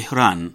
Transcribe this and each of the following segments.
Tehran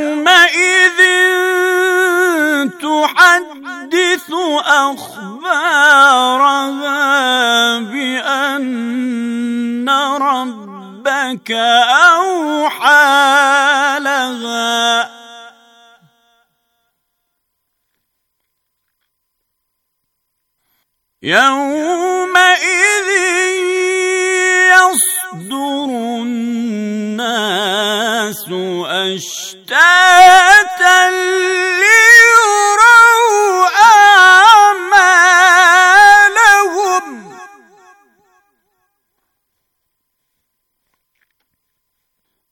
أخبارها بأن ربك أوحى لها يومئذ يصدر الناس أشتاتا لي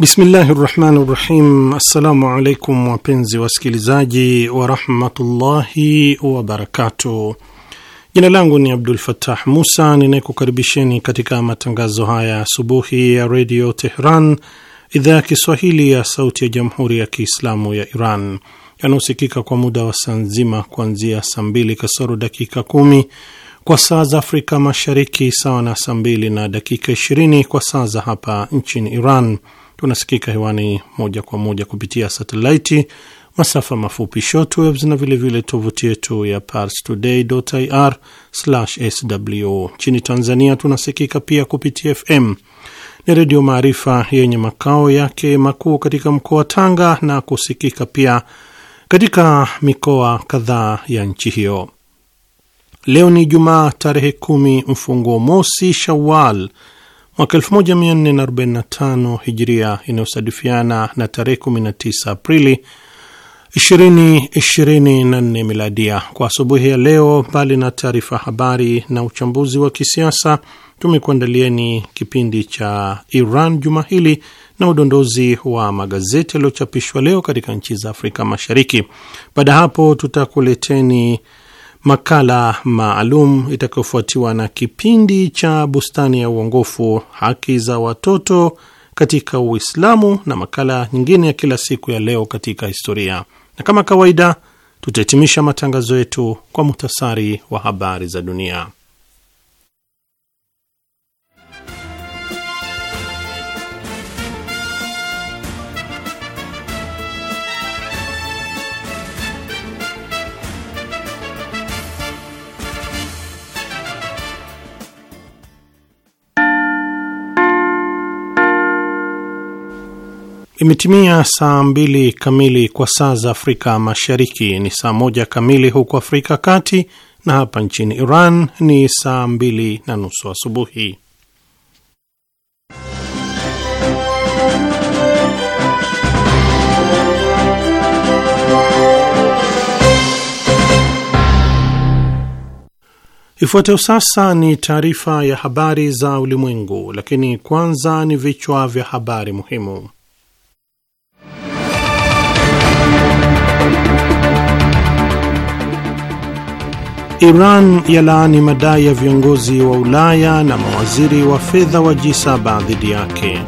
Bismillahi rahmani rahim. Assalamu alaikum wapenzi wasikilizaji warahmatullahi wabarakatuh. Jina langu ni Abdul Fattah Musa ninayekukaribisheni katika matangazo haya asubuhi ya redio Tehran, idhaa ya Kiswahili ya sauti ya jamhuri ya Kiislamu ya Iran, yanayosikika kwa muda wa saa nzima kuanzia saa mbili kasoro dakika kumi kwa saa za Afrika Mashariki, sawa na saa mbili na dakika ishirini kwa saa za hapa nchini Iran Tunasikika hewani moja kwa moja kupitia satelaiti, masafa mafupi shortwave na vilevile tovuti yetu ya parstoday.ir/sw. Nchini Tanzania tunasikika pia kupitia FM ni Redio Maarifa yenye makao yake makuu katika mkoa wa Tanga na kusikika pia katika mikoa kadhaa ya nchi hiyo. Leo ni Jumaa tarehe kumi mfungo mosi Shawal mwaka 1445 Hijria inayosadifiana na tarehe 19 Aprili 2024 Miladia. Kwa asubuhi ya leo, mbali na taarifa habari na uchambuzi wa kisiasa, tumekuandalieni kipindi cha Iran juma hili na udondozi wa magazeti yaliyochapishwa leo katika nchi za Afrika Mashariki. Baada ya hapo, tutakuleteni makala maalum itakayofuatiwa na kipindi cha bustani ya uongofu, haki za watoto katika Uislamu na makala nyingine ya kila siku ya leo katika historia, na kama kawaida tutahitimisha matangazo yetu kwa muhtasari wa habari za dunia. Imetimia saa mbili kamili kwa saa za Afrika Mashariki, ni saa moja kamili huko Afrika Kati, na hapa nchini Iran ni saa mbili na nusu asubuhi. Ifuatayo sasa ni taarifa ya habari za ulimwengu, lakini kwanza ni vichwa vya habari muhimu. Iran yalaani madai ya viongozi wa Ulaya na mawaziri wa fedha wa G7 dhidi yake.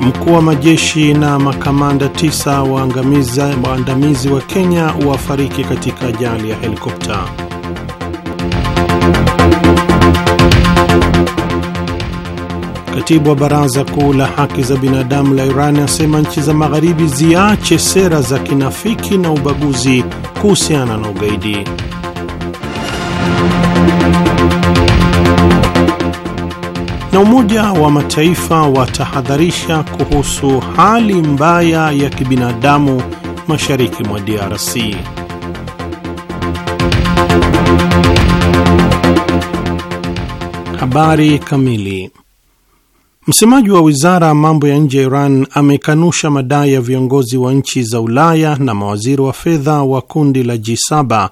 Mkuu wa majeshi na makamanda tisa waandamizi wa Kenya wafariki katika ajali ya helikopta. Katibu wa Baraza Kuu la Haki za Binadamu la Iran asema nchi za Magharibi ziache sera za kinafiki na ubaguzi kuhusiana na ugaidi. Na Umoja wa Mataifa watahadharisha kuhusu hali mbaya ya kibinadamu mashariki mwa DRC. Habari kamili. Msemaji wa wizara ya mambo ya nje ya Iran amekanusha madai ya viongozi wa nchi za Ulaya na mawaziri wa fedha wa kundi la G7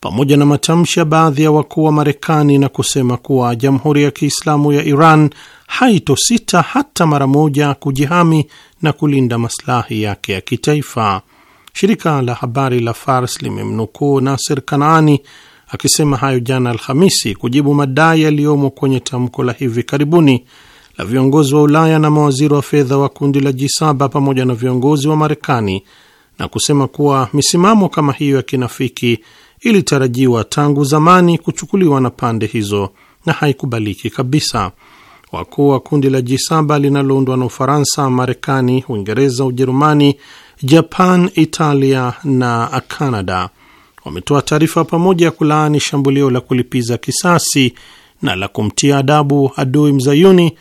pamoja na matamshi ya baadhi ya wakuu wa Marekani na kusema kuwa Jamhuri ya Kiislamu ya Iran haitosita hata mara moja kujihami na kulinda maslahi yake ya kitaifa. Shirika la habari la Fars limemnukuu naser Kanaani akisema hayo jana Alhamisi kujibu madai yaliyomo kwenye tamko la hivi karibuni la viongozi wa Ulaya na mawaziri wa fedha wa kundi la G7 pamoja na viongozi wa Marekani na kusema kuwa misimamo kama hiyo ya kinafiki ilitarajiwa tangu zamani kuchukuliwa na pande hizo na haikubaliki kabisa. Wakuu wa kundi la G7 linaloundwa na Ufaransa, Marekani, Uingereza, Ujerumani, Japan, Italia na Canada wametoa taarifa pamoja ya kulaani shambulio la kulipiza kisasi na la kumtia adabu adui mzayuni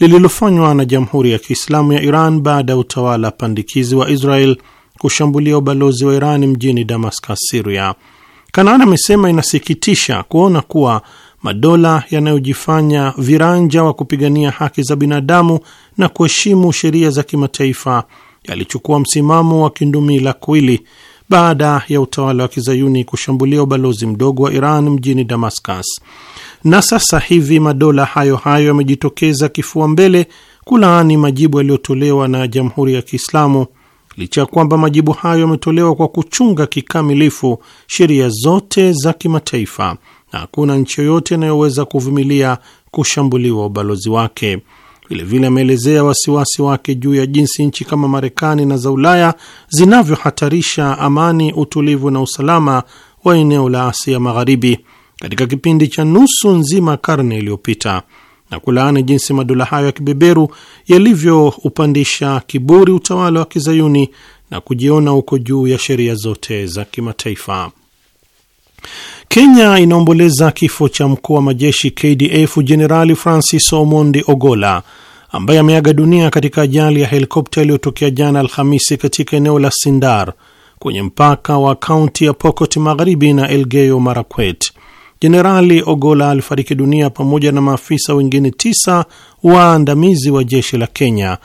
lililofanywa na Jamhuri ya Kiislamu ya Iran baada ya utawala pandikizi wa Israel kushambulia ubalozi wa Iran mjini Damascus, siria Kanaan amesema inasikitisha kuona kuwa madola yanayojifanya viranja wa kupigania haki za binadamu na kuheshimu sheria za kimataifa yalichukua msimamo wa kindumila kwili baada ya utawala wa kizayuni kushambulia ubalozi mdogo wa Iran mjini Damascus na sasa hivi madola hayo hayo yamejitokeza kifua mbele kulaani majibu yaliyotolewa na Jamhuri ya Kiislamu, licha ya kwamba majibu hayo yametolewa kwa kuchunga kikamilifu sheria zote za kimataifa na hakuna nchi yoyote inayoweza kuvumilia kushambuliwa ubalozi wake. Vilevile ameelezea wasiwasi wake juu ya jinsi nchi kama Marekani na za Ulaya zinavyohatarisha amani, utulivu na usalama wa eneo la Asia Magharibi katika kipindi cha nusu nzima karne iliyopita na kulaani jinsi madola hayo ya kibeberu yalivyoupandisha kiburi utawala wa kizayuni na kujiona uko juu ya sheria zote za kimataifa. Kenya inaomboleza kifo cha mkuu wa majeshi KDF Jenerali Francis Omondi Ogola ambaye ameaga dunia katika ajali ya helikopta iliyotokea jana Alhamisi katika eneo la Sindar kwenye mpaka wa kaunti ya Pokot Magharibi na Elgeyo Marakwet. Jenerali Ogola alifariki dunia pamoja na maafisa wengine tisa waandamizi wa jeshi la Kenya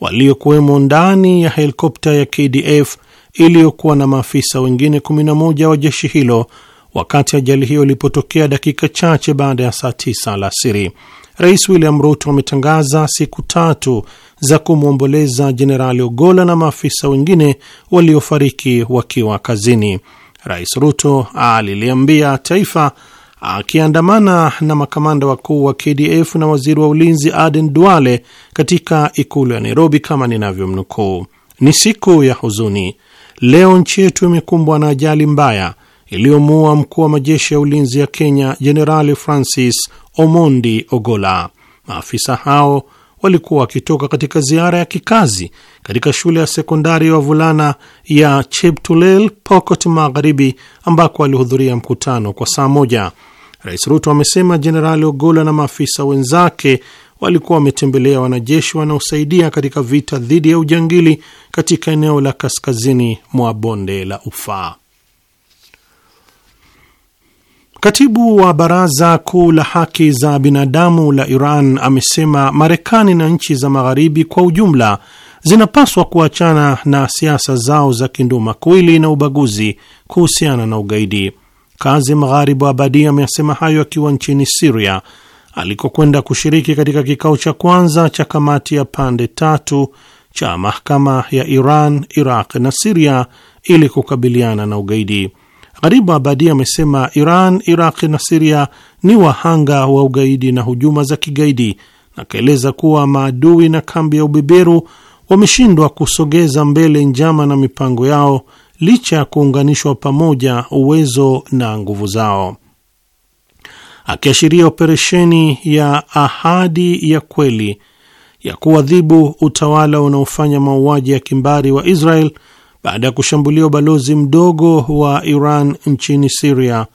waliokuwemo ndani ya helikopta ya KDF iliyokuwa na maafisa wengine 11 wa jeshi hilo wakati ajali hiyo ilipotokea dakika chache baada ya saa tisa alasiri. Rais William Ruto ametangaza siku tatu za kumwomboleza Jenerali Ogola na maafisa wengine waliofariki wakiwa kazini. Rais Ruto aliliambia taifa akiandamana na makamanda wakuu wa KDF na waziri wa ulinzi Aden Duale katika ikulu ya Nairobi, kama ninavyomnukuu: ni siku ya huzuni leo, nchi yetu imekumbwa na ajali mbaya iliyomuua mkuu wa majeshi ya ulinzi ya Kenya Jenerali Francis Omondi Ogola. Maafisa hao walikuwa wakitoka katika ziara ya kikazi katika shule ya sekondari ya wavulana ya Cheptulel, Pokot Magharibi, ambako walihudhuria mkutano kwa saa moja. Rais Ruto amesema Jenerali Ogola na maafisa wenzake walikuwa wametembelea wanajeshi wanaosaidia katika vita dhidi ya ujangili katika eneo la kaskazini mwa bonde la Ufaa. Katibu wa Baraza Kuu la Haki za Binadamu la Iran amesema Marekani na nchi za Magharibi kwa ujumla zinapaswa kuachana na siasa zao za kinduma kwili na ubaguzi kuhusiana na ugaidi. Kazim Gharib Abadi ameasema hayo akiwa nchini Siria alikokwenda kushiriki katika kikao cha kwanza cha kamati ya pande tatu cha mahakama ya Iran, Iraq na Siria ili kukabiliana na ugaidi gharibu Abadi amesema Iran, Iraqi na Siria ni wahanga wa ugaidi na hujuma za kigaidi, na akaeleza kuwa maadui na kambi ya ubeberu wameshindwa kusogeza mbele njama na mipango yao licha ya kuunganishwa pamoja uwezo na nguvu zao, akiashiria operesheni ya Ahadi ya Kweli ya kuadhibu utawala unaofanya mauaji ya kimbari wa Israel baada ya kushambulia ubalozi mdogo wa Iran nchini Siria.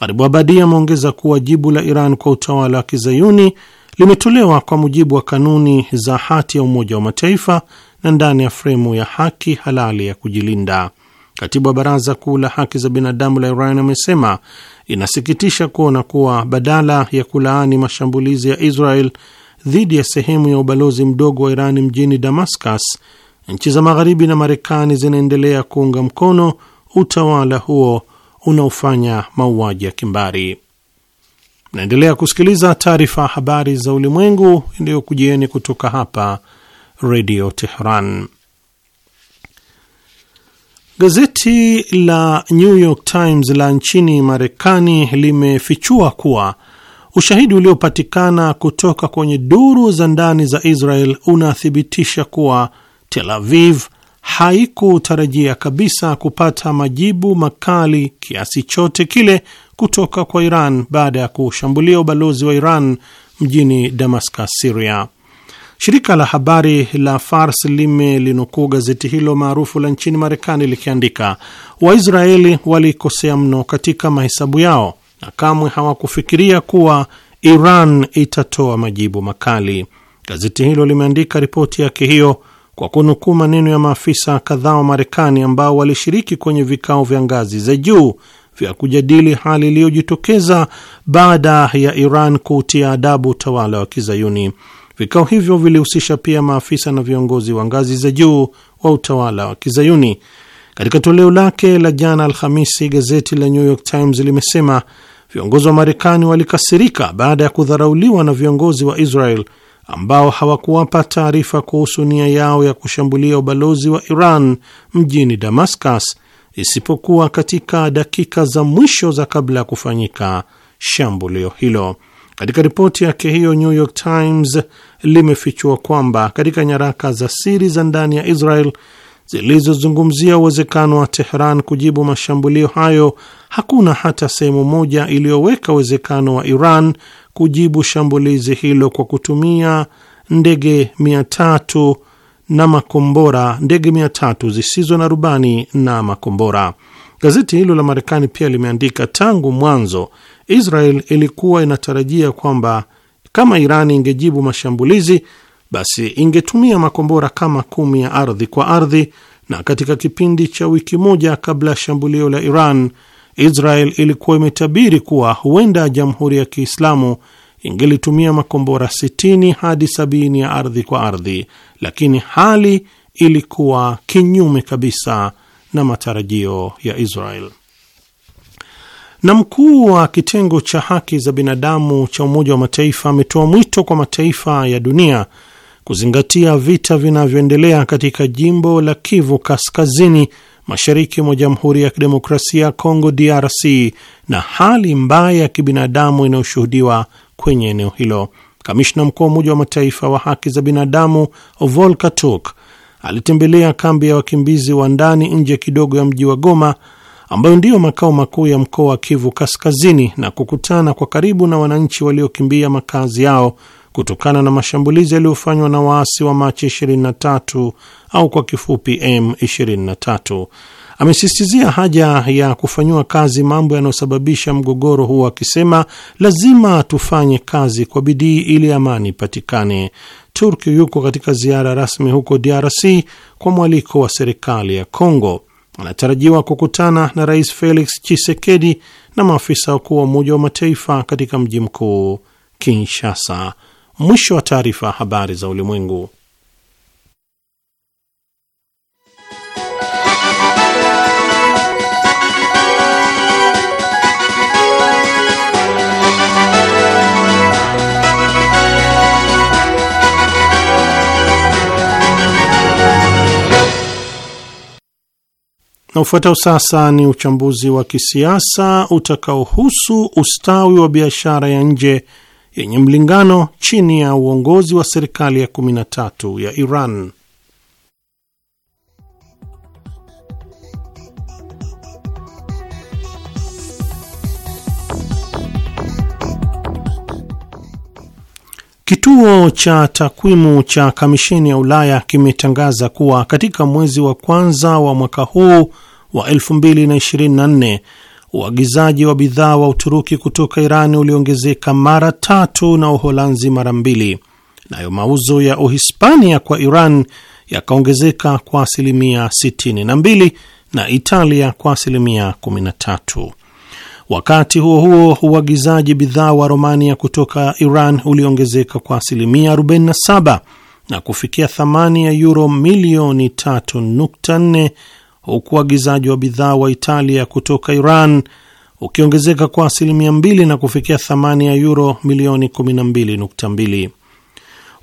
Gharibu Abadi ameongeza kuwa jibu la Iran kwa utawala wa kizayuni limetolewa kwa mujibu wa kanuni za hati ya Umoja wa Mataifa na ndani ya fremu ya haki halali ya kujilinda. Katibu wa Baraza Kuu la Haki za Binadamu la Iran amesema inasikitisha kuona kuwa badala ya kulaani mashambulizi ya Israel dhidi ya sehemu ya ubalozi mdogo wa Iran mjini Damascus, Nchi za Magharibi na Marekani zinaendelea kuunga mkono utawala huo unaofanya mauaji ya kimbari. Naendelea kusikiliza taarifa ya habari za ulimwengu iliyokujieni kutoka hapa Redio Teheran. Gazeti la New York Times la nchini Marekani limefichua kuwa ushahidi uliopatikana kutoka kwenye duru za ndani za Israel unathibitisha kuwa Tel Aviv haikutarajia kabisa kupata majibu makali kiasi chote kile kutoka kwa Iran baada ya kushambulia ubalozi wa Iran mjini Damascus, Syria. Shirika la habari la Fars limelinukuu gazeti hilo maarufu la nchini Marekani likiandika, Waisraeli walikosea mno katika mahesabu yao na kamwe hawakufikiria kuwa Iran itatoa majibu makali. Gazeti hilo limeandika ripoti yake hiyo kwa kunukuu maneno ya maafisa kadhaa wa Marekani ambao walishiriki kwenye vikao vya ngazi za juu vya kujadili hali iliyojitokeza baada ya Iran kuutia adabu utawala wa Kizayuni. Vikao hivyo vilihusisha pia maafisa na viongozi wa ngazi za juu wa utawala wa Kizayuni. Katika toleo lake la jana Alhamisi, gazeti la New York Times limesema viongozi wa Marekani walikasirika baada ya kudharauliwa na viongozi wa Israel ambao hawakuwapa taarifa kuhusu nia yao ya kushambulia ubalozi wa Iran mjini Damascus isipokuwa katika dakika za mwisho za kabla ya kufanyika shambulio hilo. Katika ripoti yake hiyo, New York Times limefichua kwamba katika nyaraka za siri za ndani ya Israel zilizozungumzia uwezekano wa Tehran kujibu mashambulio hayo, hakuna hata sehemu moja iliyoweka uwezekano wa Iran kujibu shambulizi hilo kwa kutumia ndege mia tatu na makombora, ndege mia tatu zisizo na rubani na makombora. Gazeti hilo la Marekani pia limeandika, tangu mwanzo Israel ilikuwa inatarajia kwamba kama Irani ingejibu mashambulizi basi ingetumia makombora kama kumi ya ardhi kwa ardhi, na katika kipindi cha wiki moja kabla ya shambulio la Iran, Israel ilikuwa imetabiri kuwa huenda Jamhuri ya Kiislamu ingelitumia makombora 60 hadi 70 ya ardhi kwa ardhi, lakini hali ilikuwa kinyume kabisa na matarajio ya Israel. Na mkuu wa kitengo cha haki za binadamu cha Umoja wa Mataifa ametoa mwito kwa mataifa ya dunia kuzingatia vita vinavyoendelea katika jimbo la Kivu Kaskazini, mashariki mwa Jamhuri ya Kidemokrasia ya Kongo, DRC, na hali mbaya ya kibinadamu inayoshuhudiwa kwenye eneo hilo. Kamishna mkuu wa Umoja wa Mataifa wa haki za binadamu Volker Turk alitembelea kambi ya wakimbizi wa ndani nje kidogo ya mji wa Goma ambayo ndiyo makao makuu ya mkoa wa Kivu Kaskazini na kukutana kwa karibu na wananchi waliokimbia makazi yao kutokana na mashambulizi yaliyofanywa na waasi wa Machi 23 au kwa kifupi M23. Amesisitizia haja ya kufanyiwa kazi mambo yanayosababisha mgogoro huo, akisema lazima tufanye kazi kwa bidii ili amani ipatikane. Turki yuko katika ziara rasmi huko DRC kwa mwaliko wa serikali ya congo Anatarajiwa kukutana na Rais Felix Tshisekedi na maafisa wakuu wa Umoja wa Mataifa katika mji mkuu Kinshasa. Mwisho wa taarifa ya habari za ulimwengu. Na ufuatao sasa ni uchambuzi wa kisiasa utakaohusu ustawi wa biashara ya nje yenye mlingano chini ya uongozi wa serikali ya 13 ya Iran. Kituo cha takwimu cha Kamisheni ya Ulaya kimetangaza kuwa katika mwezi wa kwanza wa mwaka huu wa 2024 uagizaji wa bidhaa wa Uturuki kutoka Irani uliongezeka mara tatu na Uholanzi mara mbili, nayo mauzo ya Uhispania kwa Iran yakaongezeka kwa asilimia 62 na Italia kwa asilimia 13. Wakati huo huo, uagizaji bidhaa wa Romania kutoka Iran uliongezeka kwa asilimia 47 na kufikia thamani ya yuro milioni 3.4 huku uagizaji wa bidhaa wa Italia kutoka Iran ukiongezeka kwa asilimia mbili na kufikia thamani ya euro milioni 12.2.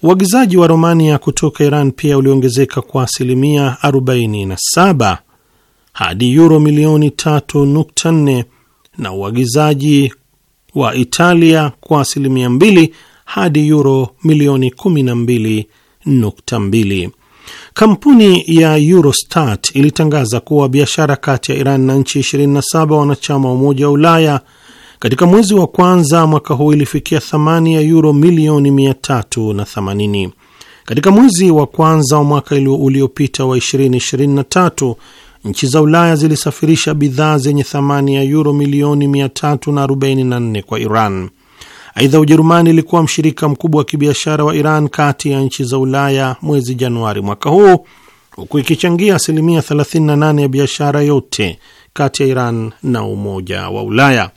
Uagizaji wa Romania kutoka Iran pia uliongezeka kwa asilimia 47 hadi euro milioni 3.4 na uagizaji wa Italia kwa asilimia 2 hadi euro milioni 12.2. Kampuni ya Eurostat ilitangaza kuwa biashara kati ya Iran na nchi 27 wanachama wa Umoja wa Ulaya katika mwezi wa kwanza mwaka huu ilifikia thamani ya yuro milioni 380. Katika mwezi wa kwanza wa mwaka uliopita wa 2023 nchi za Ulaya zilisafirisha bidhaa zenye thamani ya yuro milioni 344 kwa Iran. Aidha, Ujerumani ilikuwa mshirika mkubwa wa kibiashara wa Iran kati ya nchi za Ulaya mwezi Januari mwaka huu, huku ikichangia asilimia 38 ya biashara yote kati ya Iran na Umoja wa Ulaya.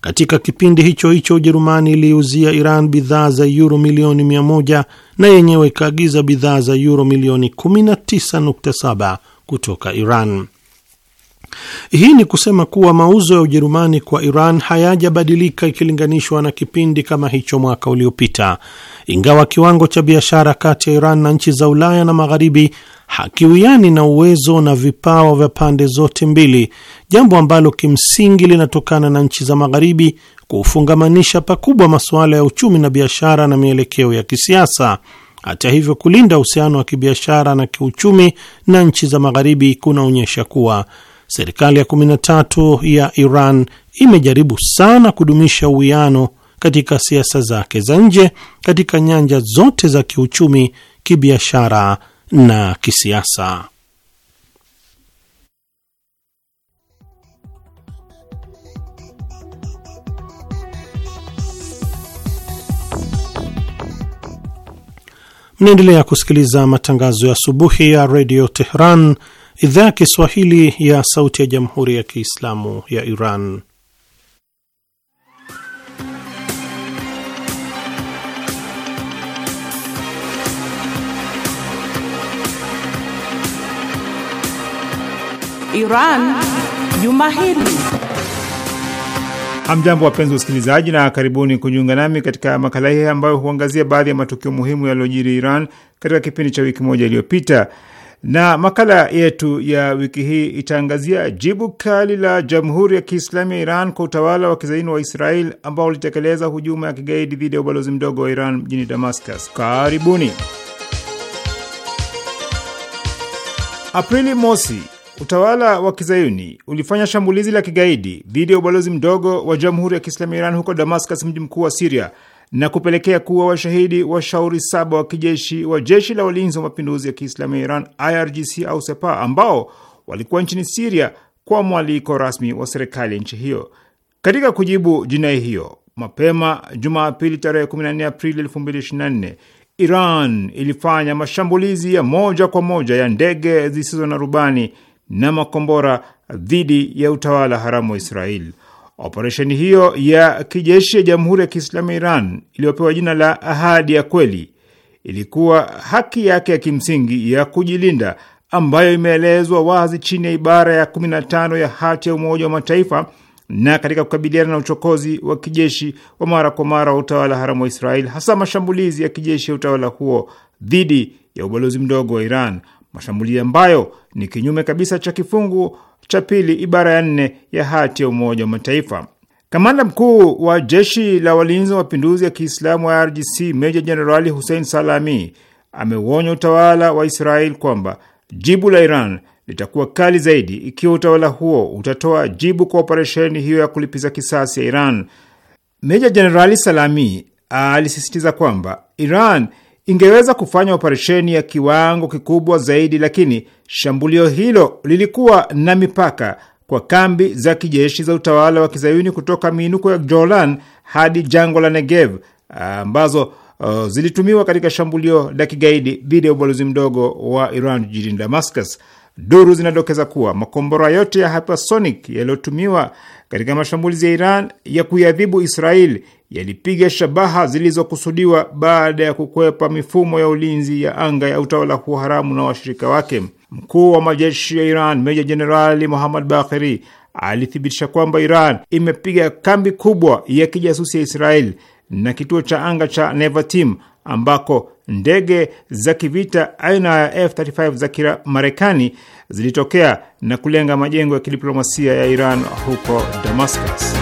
Katika kipindi hicho hicho Ujerumani iliuzia Iran bidhaa za yuro milioni 100 na yenyewe ikaagiza bidhaa za yuro milioni 19.7 kutoka Iran. Hii ni kusema kuwa mauzo ya Ujerumani kwa Iran hayajabadilika ikilinganishwa na kipindi kama hicho mwaka uliopita, ingawa kiwango cha biashara kati ya Iran na nchi za Ulaya na Magharibi hakiwiani na uwezo na vipawa vya pande zote mbili, jambo ambalo kimsingi linatokana na nchi za Magharibi kufungamanisha pakubwa masuala ya uchumi na biashara na mielekeo ya kisiasa. Hata hivyo, kulinda uhusiano wa kibiashara na kiuchumi na nchi za Magharibi kunaonyesha kuwa serikali ya 13 ya Iran imejaribu sana kudumisha uwiano katika siasa zake za nje katika nyanja zote za kiuchumi, kibiashara na kisiasa. Mnaendelea kusikiliza matangazo ya asubuhi ya redio Tehran, idhaa ya Kiswahili ya Sauti ya Jamhuri ya Kiislamu ya Iran. Iran Juma Hili. Hamjambo, wapenzi wasikilizaji, na karibuni kujiunga nami katika makala hii ambayo huangazia baadhi ya matukio muhimu yaliyojiri Iran katika kipindi cha wiki moja iliyopita na makala yetu ya wiki hii itaangazia jibu kali la Jamhuri ya Kiislamu ya Iran kwa utawala wa kizaini wa Israel ambao ulitekeleza hujuma ya kigaidi dhidi ya ubalozi mdogo wa Iran mjini Damascus. Karibuni. Aprili mosi, utawala wa kizayuni ulifanya shambulizi la kigaidi dhidi ya ubalozi mdogo wa Jamhuri ya Kiislamu ya Iran huko Damascus, mji mkuu wa Siria, na kupelekea kuwa washahidi washauri saba wa kijeshi wa jeshi la walinzi wa mapinduzi ya Kiislamu ya Iran IRGC au Sepa ambao walikuwa nchini Siria kwa mwaliko rasmi wa serikali ya nchi hiyo. Katika kujibu jinai hiyo, mapema Jumapili tarehe 14 Aprili 2024 Iran ilifanya mashambulizi ya moja kwa moja ya ndege zisizo na rubani na makombora dhidi ya utawala haramu wa Israeli. Operesheni hiyo ya kijeshi ya Jamhuri ya Kiislamu ya Iran iliyopewa jina la Ahadi ya Kweli ilikuwa haki yake ya kimsingi ya kujilinda ambayo imeelezwa wazi chini ya ibara ya 15 ya hati ya Umoja wa Mataifa na katika kukabiliana na uchokozi wa kijeshi wa mara kwa mara wa utawala haramu wa Israeli, hasa mashambulizi ya kijeshi ya utawala huo dhidi ya ubalozi mdogo wa Iran, mashambulizi ambayo ni kinyume kabisa cha kifungu cha pili ibara ya nne ya hati ya Umoja wa Mataifa. Kamanda mkuu wa jeshi la walinzi wa mapinduzi ya Kiislamu wa IRGC meja jenerali Hussein Salami ameuonya utawala wa Israeli kwamba jibu la Iran litakuwa kali zaidi ikiwa utawala huo utatoa jibu kwa operesheni hiyo ya kulipiza kisasi ya Iran. Meja jenerali Salami alisisitiza kwamba Iran ingeweza kufanya operesheni ya kiwango kikubwa zaidi, lakini shambulio hilo lilikuwa na mipaka kwa kambi za kijeshi za utawala wa kizayuni kutoka miinuko ya Golan hadi jangwa la Negev ambazo uh, zilitumiwa katika shambulio la kigaidi dhidi ya ubalozi mdogo wa Iran jijini Damascus. Duru zinadokeza kuwa makombora yote ya hypersonic yaliyotumiwa katika mashambulizi ya Iran ya kuiadhibu Israel yalipiga shabaha zilizokusudiwa baada ya kukwepa mifumo ya ulinzi ya anga ya utawala huo haramu na washirika wake. Mkuu wa majeshi ya Iran Meja Jenerali Mohammad Bagheri alithibitisha kwamba Iran imepiga kambi kubwa ya kijasusi ya Israel na kituo cha anga cha Nevatim ambako ndege za kivita aina ya F35 za Kimarekani zilitokea na kulenga majengo ya kidiplomasia ya Iran huko Damascus.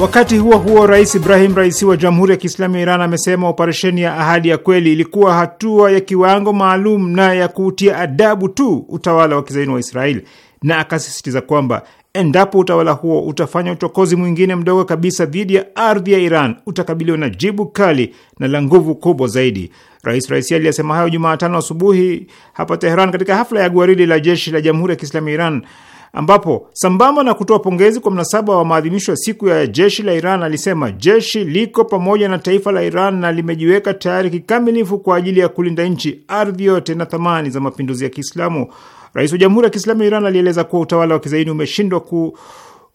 Wakati huo huo, Rais Ibrahim Raisi wa Jamhuri ya Kiislamu ya Iran amesema operesheni ya Ahadi ya Kweli ilikuwa hatua ya kiwango maalum na ya kuutia adabu tu utawala wa kizaini wa israel na akasisitiza kwamba endapo utawala huo utafanya uchokozi mwingine mdogo kabisa dhidi ya ardhi ya Iran utakabiliwa na jibu kali na la nguvu kubwa zaidi. Rais Raisi aliyesema hayo Jumatano asubuhi hapa Teheran katika hafla ya gwaridi la jeshi la Jamhuri ya Kiislamu ya Iran ambapo sambamba na kutoa pongezi kwa mnasaba wa maadhimisho ya siku ya jeshi la Iran alisema jeshi liko pamoja na taifa la Iran na limejiweka tayari kikamilifu kwa ajili ya kulinda nchi, ardhi yote na thamani za mapinduzi ya Kiislamu. Rais wa Jamhuri ya Kiislamu ya Iran alieleza kuwa utawala wa kizaini umeshindwa ku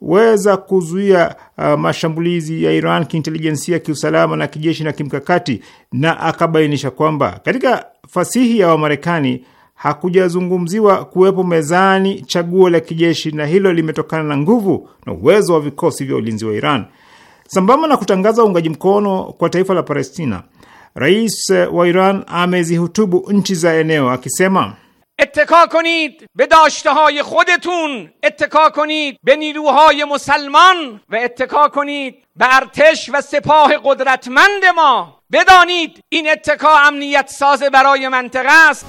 weza kuzuia uh, mashambulizi ya Iran kiintelijensia, kiusalama na kijeshi na kimkakati, na akabainisha kwamba katika fasihi ya Wamarekani hakujazungumziwa kuwepo mezani chaguo la kijeshi, na hilo limetokana na nguvu na uwezo wa vikosi vya ulinzi wa Iran. Sambamba na kutangaza uungaji mkono kwa taifa la Palestina, rais wa Iran amezihutubu nchi za eneo akisema itteka konid be dashtahay khudetun itteka konid be niruhay musalman va itteka konid be artesh va sepah qudratmand ma bedanid in itteka amniyat saz baraye mantaqe ast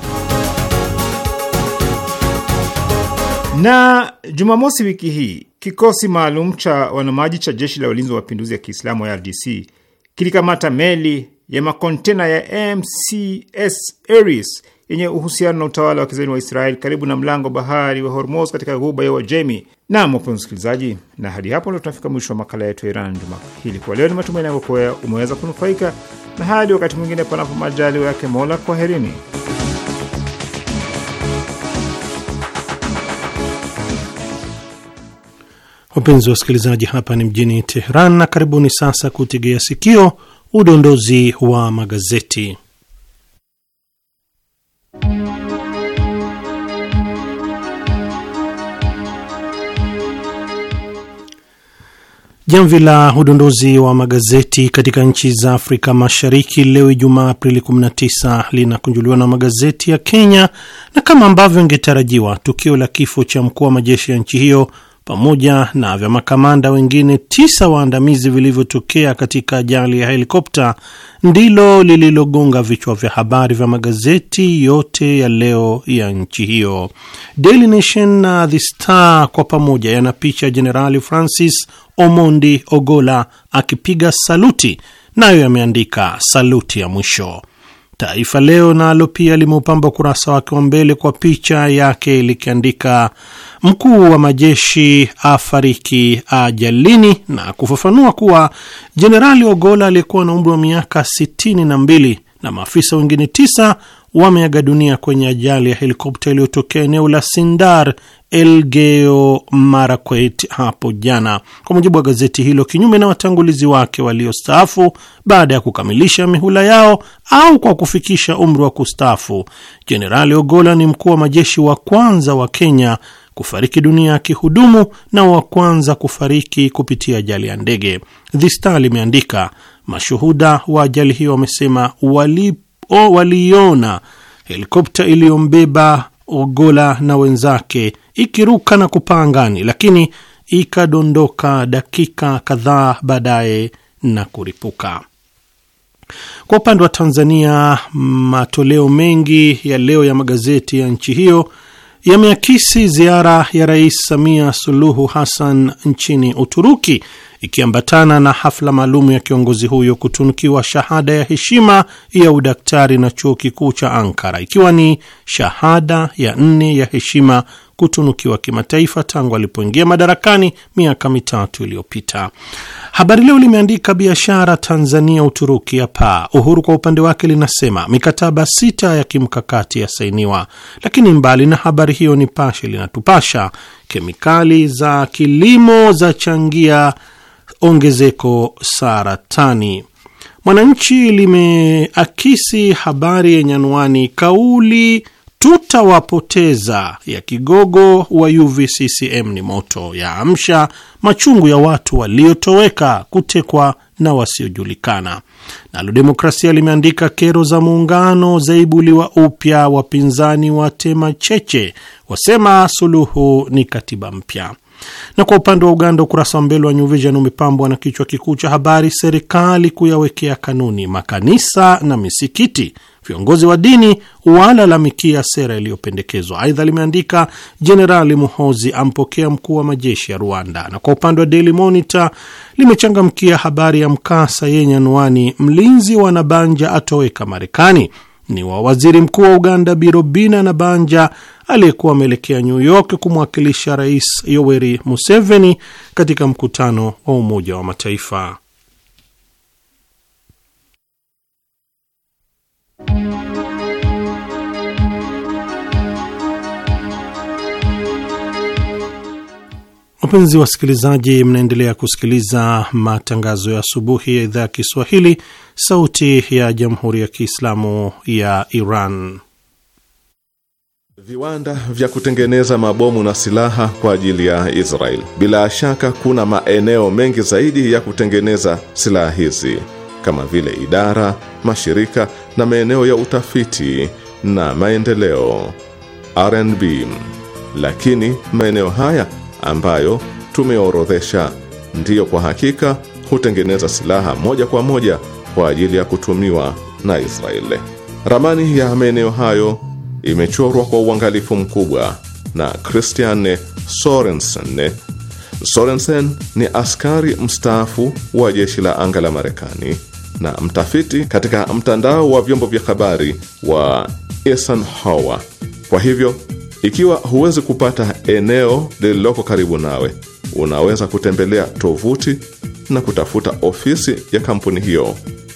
Na Jumamosi wiki hii kikosi maalum cha wanamaji cha jeshi la ulinzi wa mapinduzi ya Kiislamu ya RDC kilikamata meli ya makontena ya MCS Aris yenye uhusiano na utawala wa kizayuni wa Israel karibu na mlango bahari wa Hormuz katika ghuba ya Uajemi. Naam, wapenzi msikilizaji, na hadi hapo ndo tunafika mwisho wa makala yetu ya Iran juma hili kwa leo. Ni matumaini yangu kuwa umeweza kunufaika, na hadi wakati mwingine, panapo majaliwa yake Mola, kwaherini. Wapenzi wa wasikilizaji, hapa ni mjini Teheran na karibuni sasa kutegea sikio udondozi wa magazeti. Jamvi la udondozi wa magazeti katika nchi za Afrika Mashariki leo Ijumaa Aprili 19 linakunjuliwa na magazeti ya Kenya, na kama ambavyo ingetarajiwa, tukio la kifo cha mkuu wa majeshi ya nchi hiyo pamoja na vya makamanda wengine tisa waandamizi vilivyotokea katika ajali ya helikopta ndilo lililogonga vichwa vya habari vya magazeti yote ya leo ya nchi hiyo. Daily Nation na The Star kwa pamoja yana picha Jenerali Francis Omondi Ogola akipiga saluti, nayo yameandika saluti ya mwisho. Taifa Leo nalo pia limeupamba ukurasa wake wa mbele kwa picha yake likiandika mkuu wa majeshi afariki ajalini, na kufafanua kuwa Jenerali Ogola aliyekuwa na umri wa miaka sitini na mbili na maafisa wengine tisa wameaga dunia kwenye ajali ya helikopta iliyotokea eneo la Sindar elgeo Marakwet hapo jana, kwa mujibu wa gazeti hilo. Kinyume na watangulizi wake waliostaafu baada ya kukamilisha mihula yao au kwa kufikisha umri wa kustaafu, Jenerali Ogola ni mkuu wa majeshi wa kwanza wa Kenya kufariki dunia akihudumu na wa kwanza kufariki kupitia ajali ya ndege. The Star limeandika Mashuhuda wa ajali hiyo wamesema waliona helikopta iliyombeba Ogola na wenzake ikiruka na kupaa angani, lakini ikadondoka dakika kadhaa baadaye na kuripuka. Kwa upande wa Tanzania, matoleo mengi ya leo ya magazeti ya nchi hiyo yameakisi ziara ya Rais Samia Suluhu Hassan nchini Uturuki ikiambatana na hafla maalum ya kiongozi huyo kutunukiwa shahada ya heshima ya udaktari na chuo kikuu cha Ankara, ikiwa ni shahada ya nne ya heshima kutunukiwa kimataifa tangu alipoingia madarakani miaka mitatu iliyopita. Habari Leo limeandika biashara Tanzania Uturuki ya paa. Uhuru kwa upande wake linasema mikataba sita ya kimkakati yasainiwa. Lakini mbali na habari hiyo, Nipashe linatupasha kemikali za kilimo za changia ongezeko saratani. Mwananchi limeakisi habari yenye anwani kauli tutawapoteza ya kigogo wa UVCCM ni moto ya amsha machungu ya watu waliotoweka, kutekwa na wasiojulikana. Nalo Demokrasia limeandika kero za muungano zaibuliwa upya, wapinzani watema cheche, wasema suluhu ni katiba mpya. Na kwa upande wa Uganda, ukurasa wa mbele wa New Vision umepambwa na kichwa kikuu cha habari, serikali kuyawekea kanuni makanisa na misikiti, viongozi wa dini walalamikia sera iliyopendekezwa. Aidha limeandika Jenerali Muhozi ampokea mkuu wa majeshi ya Rwanda. Na kwa upande wa Daily Monitor limechangamkia habari ya mkasa yenye anwani, mlinzi wa Nabanja atoweka Marekani ni wa waziri mkuu wa Uganda Birobina na Banja aliyekuwa ameelekea New York kumwakilisha Rais Yoweri Museveni katika mkutano wa Umoja wa Mataifa. Wapenzi wasikilizaji, mnaendelea kusikiliza matangazo ya asubuhi ya idhaa ya Kiswahili, Sauti ya Jamhuri ya Kiislamu ya Iran. Viwanda vya kutengeneza mabomu na silaha kwa ajili ya Israel. Bila shaka kuna maeneo mengi zaidi ya kutengeneza silaha hizi kama vile idara, mashirika na maeneo ya utafiti na maendeleo R&D. Lakini maeneo haya ambayo tumeorodhesha ndiyo kwa hakika hutengeneza silaha moja kwa moja kwa ajili ya kutumiwa na Israeli. Ramani ya maeneo hayo imechorwa kwa uangalifu mkubwa na Christian Sorensen. Sorensen ni askari mstaafu wa jeshi la anga la Marekani na mtafiti katika mtandao wa vyombo vya habari wa Eisenhower. Kwa hivyo ikiwa huwezi kupata eneo lililoko karibu nawe, unaweza kutembelea tovuti na kutafuta ofisi ya kampuni hiyo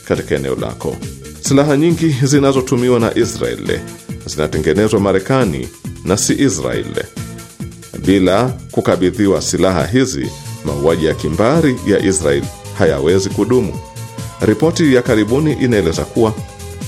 katika eneo lako. Silaha nyingi zinazotumiwa na Israeli zinatengenezwa Marekani na si Israeli. Bila kukabidhiwa silaha hizi, mauaji ya kimbari ya Israeli hayawezi kudumu. Ripoti ya karibuni inaeleza kuwa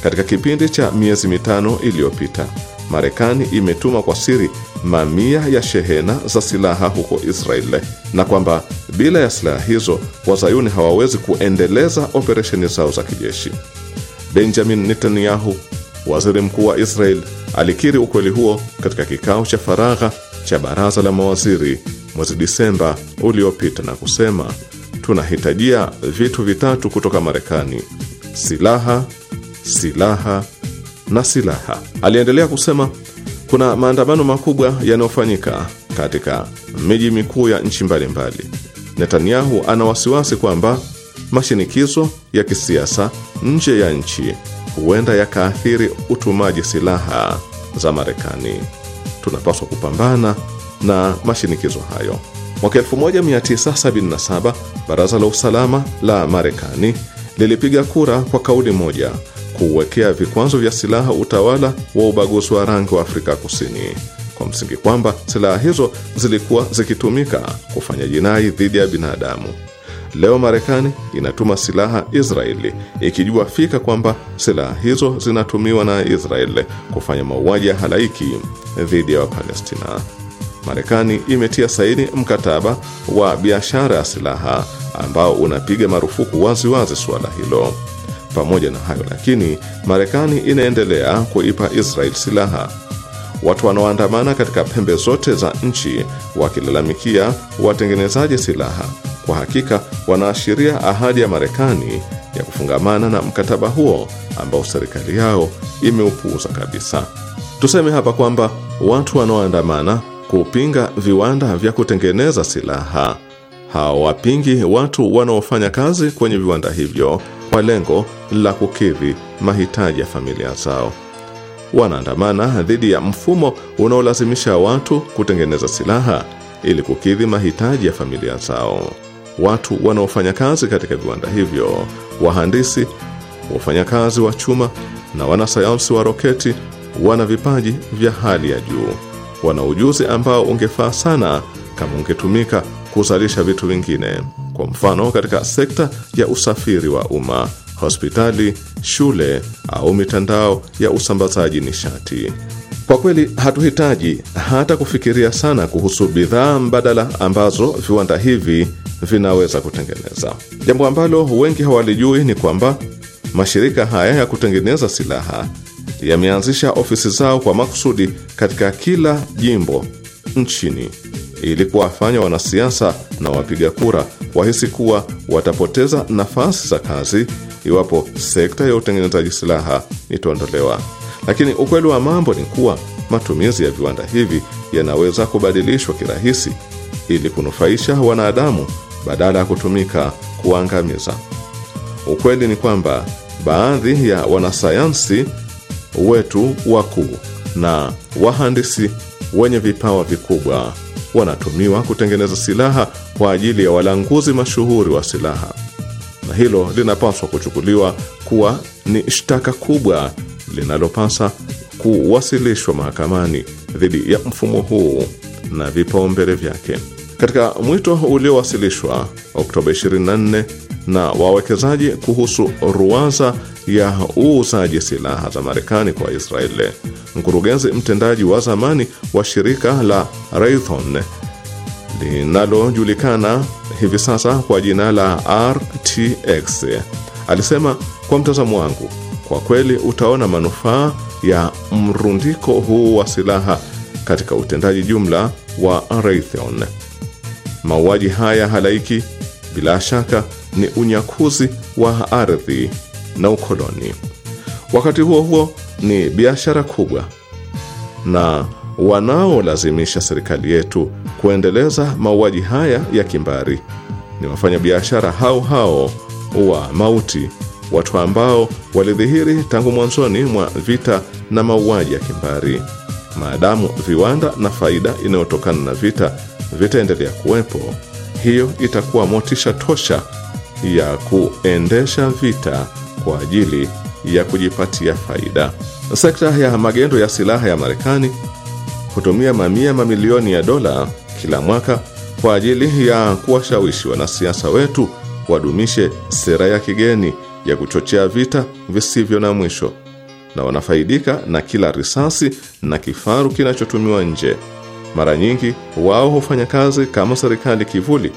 katika kipindi cha miezi mitano iliyopita Marekani imetuma kwa siri mamia ya shehena za silaha huko Israeli na kwamba bila ya silaha hizo wazayuni hawawezi kuendeleza operesheni zao za kijeshi. Benjamin Netanyahu, waziri mkuu wa Israel, alikiri ukweli huo katika kikao cha faragha cha baraza la mawaziri mwezi Disemba uliopita na kusema, tunahitajia vitu vitatu kutoka Marekani: silaha, silaha na silaha. Aliendelea kusema kuna maandamano makubwa yanayofanyika katika miji mikuu ya nchi mbalimbali. Netanyahu ana wasiwasi kwamba mashinikizo ya kisiasa nje ya nchi huenda yakaathiri utumaji silaha za Marekani. Tunapaswa kupambana na mashinikizo hayo. Mwaka 1977 baraza la usalama la Marekani lilipiga kura kwa kauli moja kuuwekea vikwazo vya silaha utawala wa ubaguzi wa rangi wa Afrika Kusini kwa msingi kwamba silaha hizo zilikuwa zikitumika kufanya jinai dhidi ya binadamu. Leo Marekani inatuma silaha Israeli ikijua fika kwamba silaha hizo zinatumiwa na Israeli kufanya mauaji ya halaiki dhidi ya Wapalestina. Marekani imetia saini mkataba wa biashara ya silaha ambao unapiga marufuku waziwazi suala hilo. Pamoja na hayo lakini, Marekani inaendelea kuipa Israel silaha. Watu wanaoandamana katika pembe zote za nchi wakilalamikia watengenezaji silaha, kwa hakika wanaashiria ahadi ya Marekani ya kufungamana na mkataba huo ambao serikali yao imeupuuza kabisa. Tuseme hapa kwamba watu wanaoandamana kupinga viwanda vya kutengeneza silaha hawapingi watu wanaofanya kazi kwenye viwanda hivyo kwa lengo la kukidhi mahitaji ya familia zao. Wanaandamana dhidi ya mfumo unaolazimisha watu kutengeneza silaha ili kukidhi mahitaji ya familia zao. Watu wanaofanya kazi katika viwanda hivyo, wahandisi, wafanyakazi wa chuma na wanasayansi wa roketi, wana vipaji vya hali ya juu, wana ujuzi ambao ungefaa sana kama ungetumika kuzalisha vitu vingine. Kwa mfano, katika sekta ya usafiri wa umma, hospitali, shule au mitandao ya usambazaji nishati. Kwa kweli hatuhitaji hata kufikiria sana kuhusu bidhaa mbadala ambazo viwanda hivi vinaweza kutengeneza. Jambo ambalo wengi hawalijui ni kwamba mashirika haya ya kutengeneza silaha yameanzisha ofisi zao kwa makusudi katika kila jimbo nchini ili kuwafanya wanasiasa na wapiga kura wahisi kuwa watapoteza nafasi za kazi iwapo sekta ya utengenezaji silaha itaondolewa. Lakini ukweli wa mambo ni kuwa matumizi ya viwanda hivi yanaweza kubadilishwa kirahisi ili kunufaisha wanadamu badala ya kutumika kuangamiza. Ukweli ni kwamba baadhi ya wanasayansi wetu wakuu na wahandisi wenye vipawa vikubwa wanatumiwa kutengeneza silaha kwa ajili ya walanguzi mashuhuri wa silaha, na hilo linapaswa kuchukuliwa kuwa ni shtaka kubwa linalopasa kuwasilishwa mahakamani dhidi ya mfumo huu na vipaumbele vyake. Katika mwito uliowasilishwa Oktoba 24 na wawekezaji kuhusu ruwaza ya uuzaji silaha za Marekani kwa Israeli. Mkurugenzi mtendaji wa zamani wa shirika la Raytheon linalojulikana hivi sasa kwa jina la RTX alisema, kwa mtazamo wangu, kwa kweli utaona manufaa ya mrundiko huu wa silaha katika utendaji jumla wa Raytheon. Mauaji haya halaiki bila shaka ni unyakuzi wa ardhi na ukoloni. Wakati huo huo ni biashara kubwa, na wanaolazimisha serikali yetu kuendeleza mauaji haya ya kimbari ni wafanyabiashara hao hao wa mauti, watu ambao walidhihiri tangu mwanzoni mwa vita na mauaji ya kimbari. Maadamu viwanda na faida inayotokana na vita vitaendelea kuwepo hiyo itakuwa motisha tosha ya kuendesha vita kwa ajili ya kujipatia faida. Sekta ya magendo ya silaha ya Marekani hutumia mamia mamilioni ya dola kila mwaka kwa ajili ya kuwashawishi wanasiasa wetu wadumishe sera ya kigeni ya kuchochea vita visivyo na mwisho, na wanafaidika na kila risasi na kifaru kinachotumiwa nje. Mara nyingi wao hufanya kazi kama serikali kivuli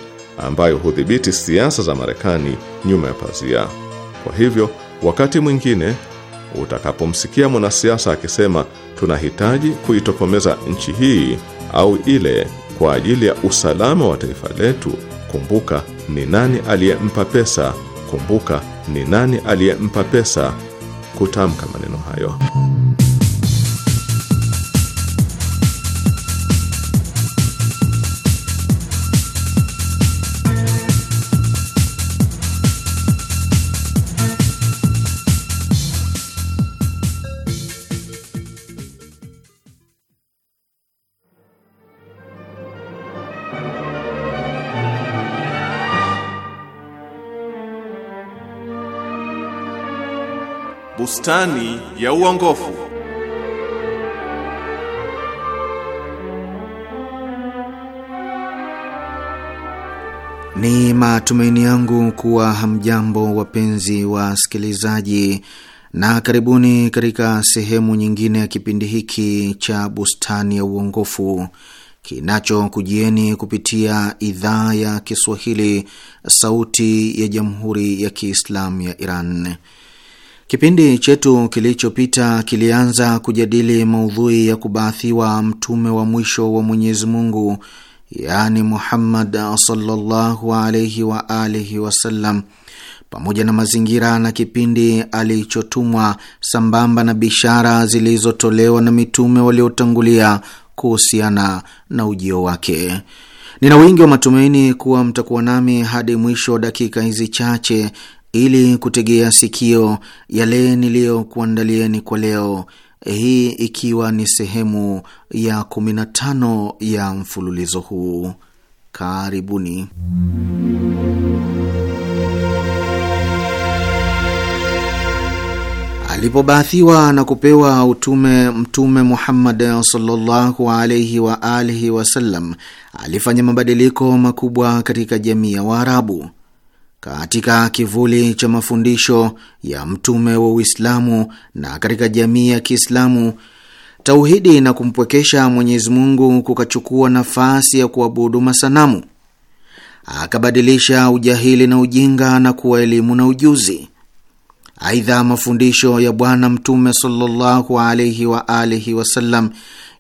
ambayo hudhibiti siasa za Marekani nyuma ya pazia. Kwa hivyo, wakati mwingine utakapomsikia mwanasiasa akisema tunahitaji kuitokomeza nchi hii au ile kwa ajili ya usalama wa taifa letu, kumbuka ni nani aliyempa pesa, kumbuka ni nani aliyempa pesa kutamka maneno hayo. bustani ya uongofu. Ni matumaini yangu kuwa hamjambo wapenzi wasikilizaji, na karibuni katika sehemu nyingine ya kipindi hiki cha bustani ya uongofu kinachokujieni kupitia idhaa ya Kiswahili, sauti ya jamhuri ya Kiislamu ya Iran. Kipindi chetu kilichopita kilianza kujadili maudhui ya kubaathiwa mtume wa mwisho wa Mwenyezi Mungu, yaani Muhammad sallallahu alaihi wa alihi wasallam, pamoja na mazingira na kipindi alichotumwa, sambamba na bishara zilizotolewa na mitume waliotangulia kuhusiana na ujio wake. Nina wingi wa matumaini kuwa mtakuwa nami hadi mwisho wa dakika hizi chache ili kutegea sikio yale niliyokuandalieni kwa leo, hii ikiwa ni sehemu ya 15 ya mfululizo huu. Karibuni. Alipobaathiwa na kupewa utume Mtume Muhammad sallallahu alaihi wa alihi wasallam alifanya mabadiliko makubwa katika jamii ya Waarabu katika kivuli cha mafundisho ya mtume wa Uislamu na katika jamii ya Kiislamu, tauhidi na kumpwekesha Mwenyezi Mungu kukachukua nafasi ya kuabudu masanamu. Akabadilisha ujahili na ujinga na kuwa elimu na ujuzi. Aidha, mafundisho ya Bwana Mtume sallallahu alaihi wa alihi wasallam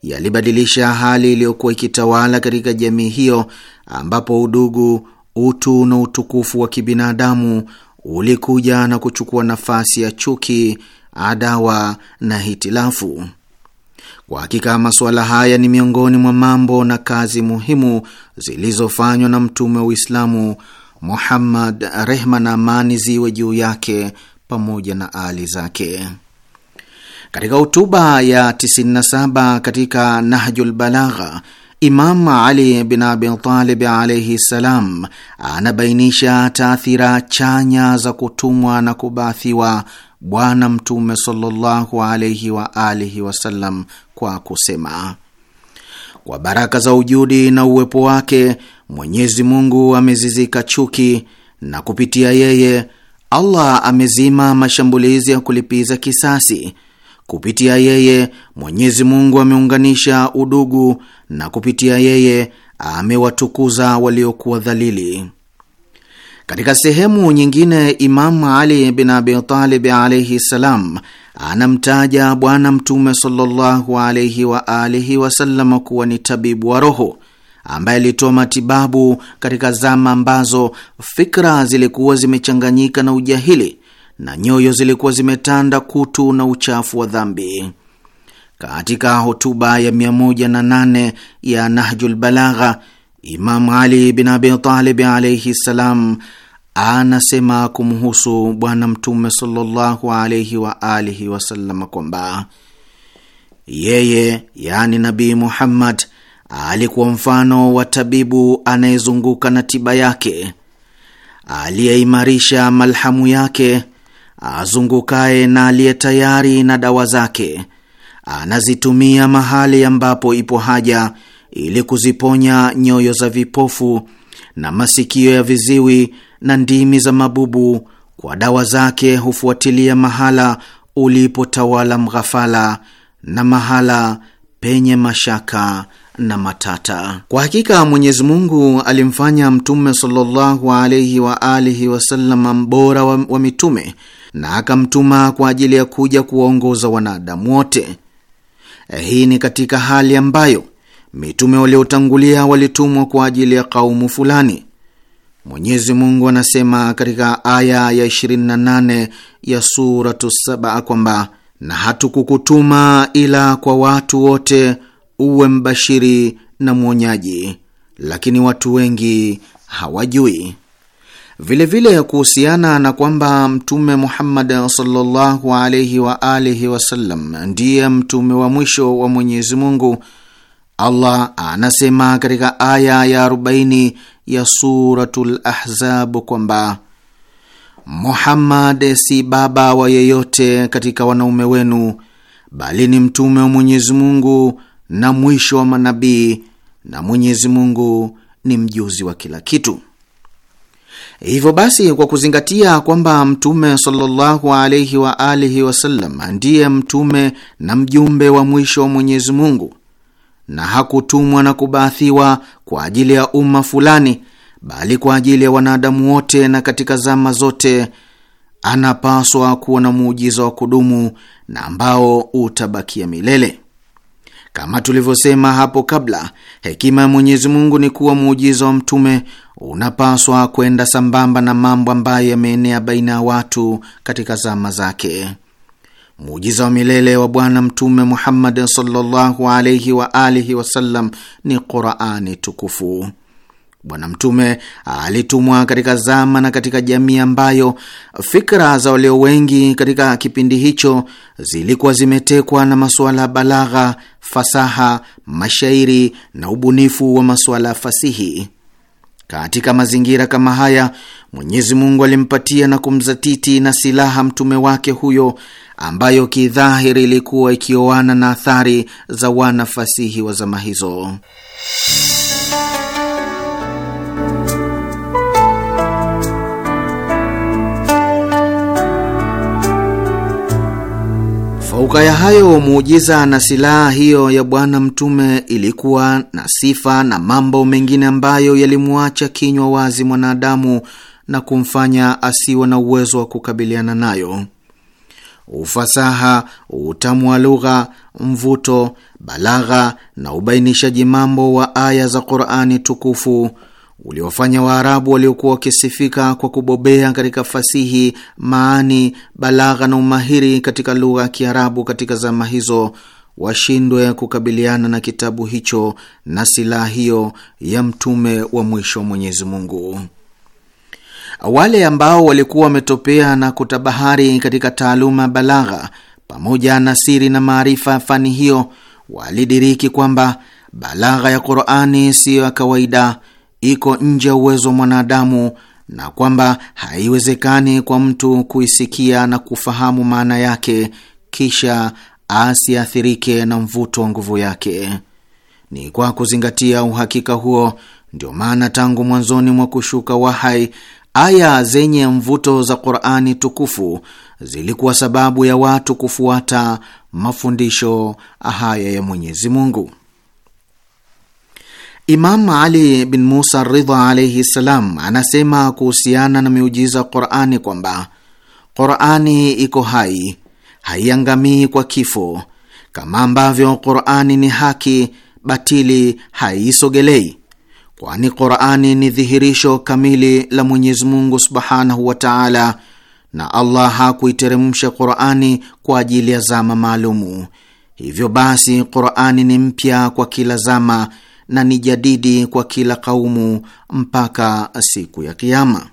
yalibadilisha hali iliyokuwa ikitawala katika jamii hiyo, ambapo udugu utu na utukufu wa kibinadamu ulikuja na kuchukua nafasi ya chuki, adawa na hitilafu. Kwa hakika masuala haya ni miongoni mwa mambo na kazi muhimu zilizofanywa na mtume wa Uislamu Muhammad, rehma na amani ziwe juu yake pamoja na ali zake. Katika hotuba ya 97 katika Nahjul Balagha Imam Ali bin Abi Talib alaihi ssalam anabainisha taathira chanya za kutumwa na kubaathiwa Bwana Mtume sallallahu alaihi wa alihi wasallam kwa kusema, kwa baraka za ujudi na uwepo wake Mwenyezi Mungu amezizika chuki na kupitia yeye Allah amezima mashambulizi ya kulipiza kisasi Kupitia yeye Mwenyezi Mungu ameunganisha udugu na kupitia yeye amewatukuza waliokuwa dhalili. Katika sehemu nyingine, Imamu Ali bin Abi Talib alaihi ssalam anamtaja Bwana Mtume sallallahu alaihi wa alihi wasallam kuwa ni tabibu wa roho ambaye alitoa matibabu katika zama ambazo fikra zilikuwa zimechanganyika na ujahili na nyoyo zilikuwa zimetanda kutu na uchafu wa dhambi. Katika hotuba ya 108 ya Nahjul Balagha, Imamu Ali bin Abi Talib alaihi ssalam anasema kumhusu Bwana Mtume sallallahu alaihi wa alihi wasallam kwamba yeye, yani Nabii Muhammad, alikuwa mfano wa tabibu anayezunguka na tiba yake, aliyeimarisha malhamu yake azungukaye na aliye tayari na dawa zake anazitumia mahali ambapo ipo haja ili kuziponya nyoyo za vipofu na masikio ya viziwi na ndimi za mabubu. Kwa dawa zake hufuatilia mahala ulipotawala mghafala na mahala penye mashaka na matata. Kwa hakika Mwenyezi Mungu alimfanya Mtume sallallahu alaihi wa alihi wasallam mbora wa, wa mitume na akamtuma kwa ajili ya kuja kuwaongoza wanadamu wote. Hii ni katika hali ambayo mitume waliotangulia walitumwa kwa ajili ya kaumu fulani. Mwenyezi Mungu anasema katika aya ya 28 ya Suratu Saba kwamba na hatukukutuma ila kwa watu wote uwe mbashiri na mwonyaji, lakini watu wengi hawajui. Vilevile kuhusiana na kwamba Mtume Muhammad sallallahu alaihi wa alihi wasallam ndiye mtume wa mwisho wa Mwenyezi Mungu, Allah anasema katika aya ya 40 ya Suratul Ahzab kwamba Muhammad si baba wa yeyote katika wanaume wenu, bali ni mtume wa Mwenyezi Mungu na mwisho wa manabii, na Mwenyezi Mungu ni mjuzi wa kila kitu. Hivyo basi, kwa kuzingatia kwamba Mtume sallallahu alaihi wa alihi wasallam ndiye mtume na mjumbe wa mwisho wa Mwenyezi Mungu na hakutumwa na kubaathiwa kwa ajili ya umma fulani, bali kwa ajili ya wanadamu wote na katika zama zote, anapaswa kuwa na muujiza wa kudumu na ambao utabakia milele. Kama tulivyosema hapo kabla, hekima ya Mwenyezi Mungu ni kuwa muujiza wa mtume unapaswa kwenda sambamba na mambo ambayo yameenea baina ya watu katika zama zake. Muujiza wa milele wa Bwana Mtume Muhammad sallallahu alaihi wa alihi wasallam ni Qurani tukufu. Bwana Mtume alitumwa katika zama na katika jamii ambayo fikra za walio wengi katika kipindi hicho zilikuwa zimetekwa na masuala ya balagha, fasaha, mashairi na ubunifu wa masuala ya fasihi. Katika mazingira kama haya, Mwenyezi Mungu alimpatia na kumzatiti na silaha mtume wake huyo, ambayo kidhahiri ilikuwa ikioana na athari za wanafasihi wa zama hizo. Ukaya hayo muujiza na silaha hiyo ya Bwana Mtume ilikuwa na sifa na mambo mengine ambayo yalimwacha kinywa wazi mwanadamu na kumfanya asiwe na uwezo wa kukabiliana nayo: ufasaha, utamu wa lugha, mvuto, balagha na ubainishaji mambo wa aya za Qur'ani tukufu uliofanya Waarabu waliokuwa wakisifika kwa kubobea katika fasihi, maani, balagha na umahiri katika lugha ya Kiarabu katika zama hizo washindwe kukabiliana na kitabu hicho na silaha hiyo ya mtume wa mwisho wa Mwenyezi Mungu. Wale ambao walikuwa wametopea na kutabahari katika taaluma ya balagha pamoja na siri na maarifa ya fani hiyo walidiriki kwamba balagha ya Qurani siyo ya kawaida iko nje ya uwezo wa mwanadamu na kwamba haiwezekani kwa mtu kuisikia na kufahamu maana yake kisha asiathirike na mvuto wa nguvu yake. Ni kwa kuzingatia uhakika huo ndio maana tangu mwanzoni mwa kushuka wahai aya zenye mvuto za Qur'ani tukufu zilikuwa sababu ya watu kufuata mafundisho haya ya Mwenyezi Mungu. Imam Ali bin Musa Ridha alaihi ssalam anasema kuhusiana na miujiza Qurani kwamba Qurani iko hai, haiangamii kwa kifo, kama ambavyo Qurani ni haki, batili haiisogelei kwani Qurani ni dhihirisho kamili la Mwenyezi Mungu subhanahu wa taala, na Allah hakuiteremsha Qurani kwa ajili ya zama maalumu. Hivyo basi, Qurani ni mpya kwa kila zama na ni jadidi kwa kila kaumu mpaka siku ya Kiama.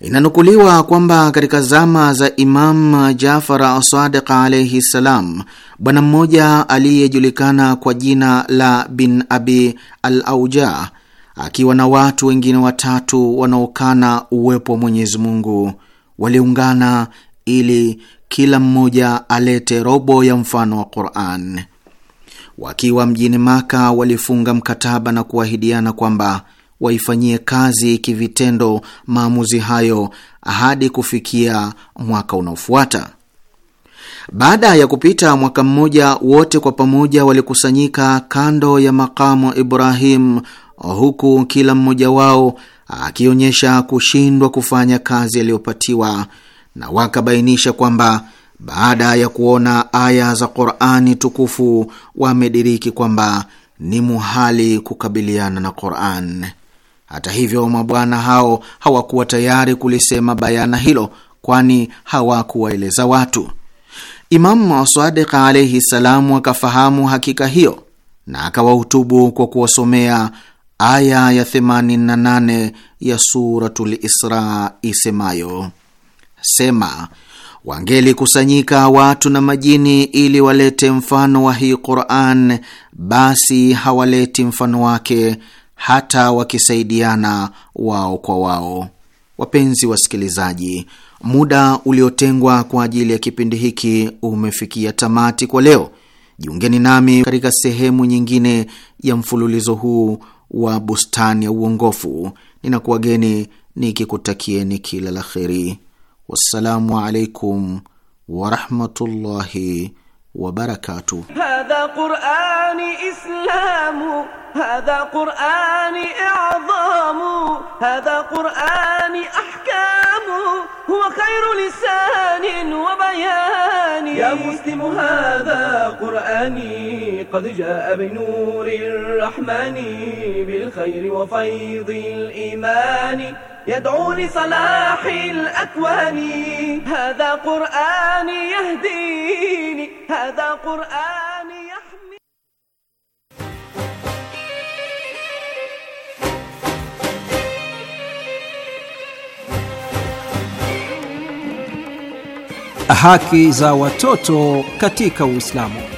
Inanukuliwa kwamba katika zama za Imam Jafar sadiq alaihi ssalam, bwana mmoja aliyejulikana kwa jina la Bin Abi al Auja akiwa na watu wengine watatu wanaokana uwepo wa Mwenyezi Mungu waliungana ili kila mmoja alete robo ya mfano wa Quran wakiwa mjini Maka walifunga mkataba na kuahidiana kwamba waifanyie kazi kivitendo maamuzi hayo hadi kufikia mwaka unaofuata. Baada ya kupita mwaka mmoja, wote kwa pamoja walikusanyika kando ya makamu Ibrahim, huku kila mmoja wao akionyesha kushindwa kufanya kazi aliyopatiwa, na wakabainisha kwamba baada ya kuona aya za Qurani tukufu wamediriki kwamba ni muhali kukabiliana na Quran. Hata hivyo, mabwana hao hawakuwa tayari kulisema bayana hilo, kwani hawakuwaeleza watu. Imamu Sadiq alaihi salamu akafahamu hakika hiyo na akawahutubu kwa kuwasomea aya ya 88 ya Suratul Isra isemayo: Sema, wangelikusanyika watu na majini ili walete mfano wa hii Quran, basi hawaleti mfano wake hata wakisaidiana wao kwa wao. Wapenzi wasikilizaji, muda uliotengwa kwa ajili ya kipindi hiki umefikia tamati kwa leo. Jiungeni nami katika sehemu nyingine ya mfululizo huu wa Bustani ya Uongofu. Ninakuwageni nikikutakieni kila la heri. والسلام عليكم ورحمة الله وبركاته هذا قرآن إسلام هذا قرآن إعظام هذا قرآن أحكام هو خير لسان وبيان يا مسلم هذا قرآني قد جاء بنور الرحمن بالخير وفيض الإيمان يدعو لصلاح الأكوان هذا قرآن يهديني هذا قرآن يحمي Haki za watoto katika Uislamu.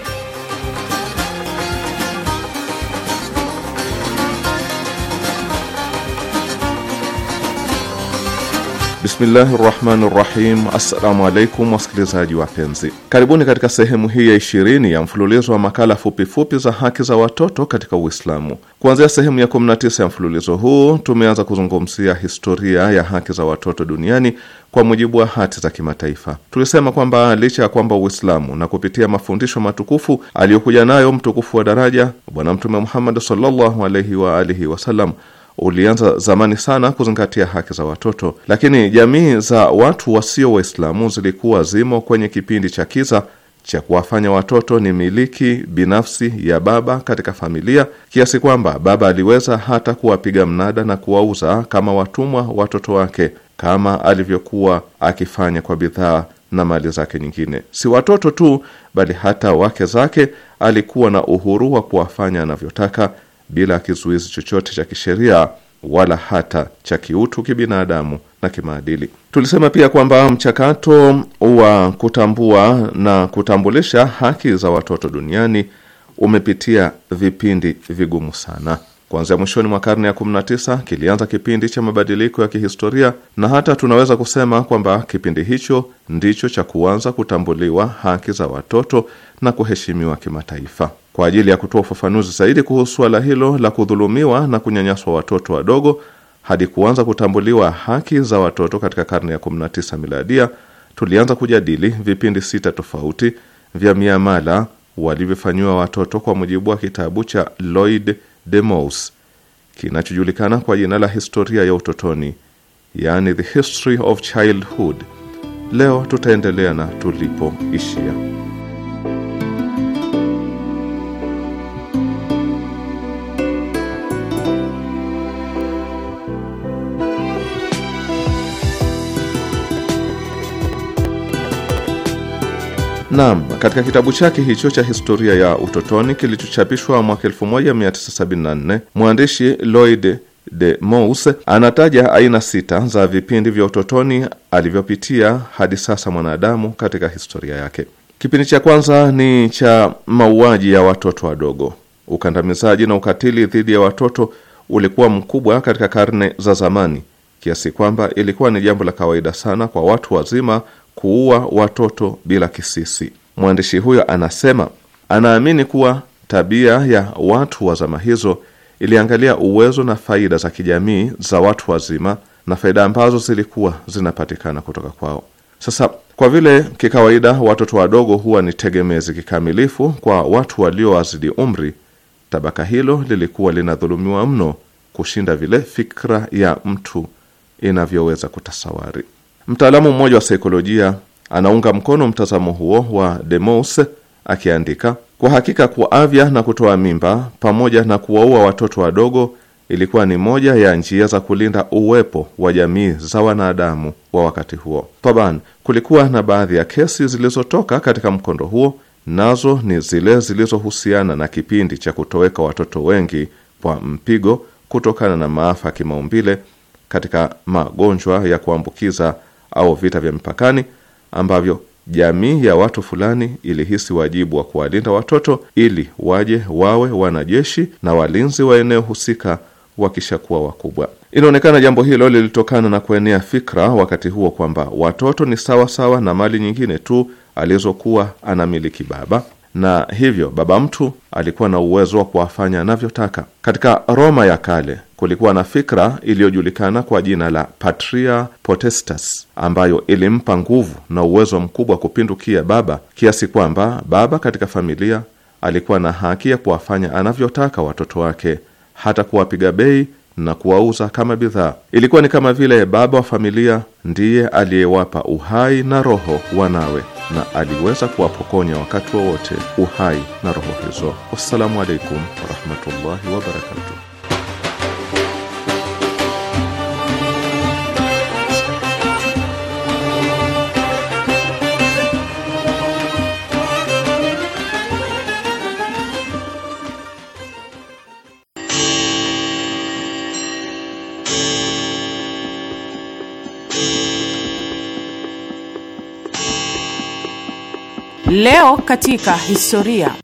Bismillahi rahmani rahim. Assalamu alaikum wasikilizaji wapenzi, karibuni katika sehemu hii ya ishirini ya mfululizo wa makala fupifupi fupi za haki za watoto katika Uislamu. Kuanzia sehemu ya 19 ya mfululizo huu tumeanza kuzungumzia historia ya haki za watoto duniani kwa mujibu wa hati za kimataifa. Tulisema kwamba licha ya kwamba Uislamu na kupitia mafundisho matukufu aliyokuja nayo mtukufu wa daraja Bwana Mtume Muhammad sallallahu alaihi wa alihi wasallam ulianza zamani sana kuzingatia haki za watoto, lakini jamii za watu wasio Waislamu zilikuwa zimo kwenye kipindi cha kiza cha kuwafanya watoto ni miliki binafsi ya baba katika familia, kiasi kwamba baba aliweza hata kuwapiga mnada na kuwauza kama watumwa watoto wake kama alivyokuwa akifanya kwa bidhaa na mali zake nyingine. Si watoto tu, bali hata wake zake alikuwa na uhuru wa kuwafanya anavyotaka bila kizuizi chochote cha kisheria wala hata cha kiutu, kibinadamu na kimaadili. Tulisema pia kwamba mchakato wa kutambua na kutambulisha haki za watoto duniani umepitia vipindi vigumu sana. Kuanzia mwishoni mwa karne ya 19 kilianza kipindi cha mabadiliko ya kihistoria, na hata tunaweza kusema kwamba kipindi hicho ndicho cha kuanza kutambuliwa haki za watoto na kuheshimiwa kimataifa kwa ajili ya kutoa ufafanuzi zaidi kuhusu suala hilo la kudhulumiwa na kunyanyaswa watoto wadogo hadi kuanza kutambuliwa haki za watoto katika karne ya 19 miladia, tulianza kujadili vipindi sita tofauti vya miamala walivyofanyiwa watoto kwa mujibu wa kitabu cha Lloyd de Mous kinachojulikana kwa jina la historia ya utotoni, yani the history of childhood. Leo tutaendelea na tulipoishia. Naam, katika kitabu chake hicho cha historia ya utotoni kilichochapishwa mwaka 1974 mwandishi Lloyd de Mous anataja aina sita za vipindi vya utotoni alivyopitia hadi sasa mwanadamu katika historia yake. Kipindi cha kwanza ni cha mauaji ya watoto wadogo. Ukandamizaji na ukatili dhidi ya watoto ulikuwa mkubwa katika karne za zamani kiasi kwamba ilikuwa ni jambo la kawaida sana kwa watu wazima kuua watoto bila kisisi. Mwandishi huyo anasema anaamini kuwa tabia ya watu wa zama hizo iliangalia uwezo na faida za kijamii za watu wazima na faida ambazo zilikuwa zinapatikana kutoka kwao. Sasa kwa vile kikawaida watoto wadogo huwa ni tegemezi kikamilifu kwa watu waliowazidi umri, tabaka hilo lilikuwa linadhulumiwa mno kushinda vile fikra ya mtu inavyoweza kutasawari. Mtaalamu mmoja wa saikolojia anaunga mkono mtazamo huo wa Demos akiandika, kwa hakika kuavya na kutoa mimba pamoja na kuwaua watoto wadogo ilikuwa ni moja ya njia za kulinda uwepo wa jamii za wanadamu wa wakati huo. Taban, kulikuwa na baadhi ya kesi zilizotoka katika mkondo huo, nazo ni zile zilizohusiana na kipindi cha kutoweka watoto wengi kwa mpigo kutokana na maafa kimaumbile katika magonjwa ya kuambukiza au vita vya mipakani ambavyo jamii ya watu fulani ilihisi wajibu wa kuwalinda watoto ili waje wawe wanajeshi na walinzi wa eneo husika wakishakuwa wakubwa. Inaonekana jambo hilo lilitokana na kuenea fikra wakati huo kwamba watoto ni sawa sawa na mali nyingine tu alizokuwa anamiliki baba, na hivyo baba mtu alikuwa na uwezo wa kuwafanya anavyotaka. Katika Roma ya kale kulikuwa na fikra iliyojulikana kwa jina la Patria Potestas ambayo ilimpa nguvu na uwezo mkubwa wa kupindukia baba, kiasi kwamba baba katika familia alikuwa na haki ya kuwafanya anavyotaka watoto wake, hata kuwapiga bei na kuwauza kama bidhaa. Ilikuwa ni kama vile baba wa familia ndiye aliyewapa uhai na roho wanawe na aliweza kuwapokonya wakati wowote wa uhai na roho hizo. Wassalamu alaikum warahmatullahi wabarakatuh. Leo katika historia.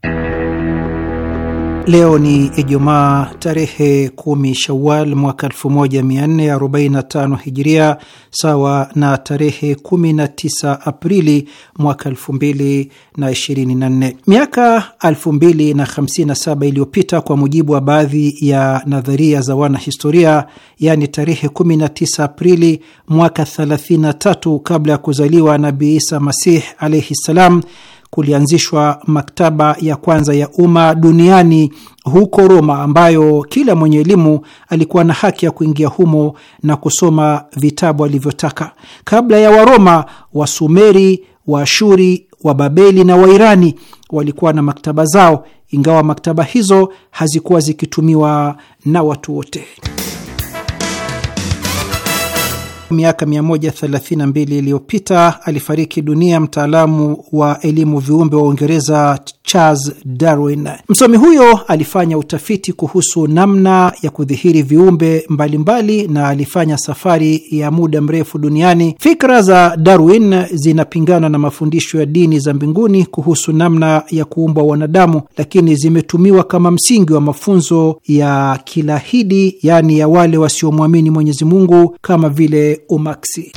Leo ni Ijumaa tarehe kumi Shawal mwaka 1445 Hijiria, sawa na tarehe 19 Aprili mwaka 2024. Miaka 2057 iliyopita, kwa mujibu wa baadhi ya nadharia za wanahistoria, yaani tarehe 19 Aprili mwaka 33 kabla ya kuzaliwa Nabii Isa Masih alaihi ssalam kulianzishwa maktaba ya kwanza ya umma duniani huko Roma, ambayo kila mwenye elimu alikuwa na haki ya kuingia humo na kusoma vitabu alivyotaka. Kabla ya Waroma, Wasumeri, Waashuri, Wababeli na Wairani walikuwa na maktaba zao, ingawa maktaba hizo hazikuwa zikitumiwa na watu wote. Miaka 132 iliyopita alifariki dunia mtaalamu wa elimu viumbe wa Uingereza Charles Darwin. Msomi huyo alifanya utafiti kuhusu namna ya kudhihiri viumbe mbalimbali mbali, na alifanya safari ya muda mrefu duniani. Fikra za Darwin zinapingana na mafundisho ya dini za mbinguni kuhusu namna ya kuumbwa wanadamu, lakini zimetumiwa kama msingi wa mafunzo ya kilahidi, yaani ya wale wasiomwamini Mwenyezi Mungu kama vile au maxi.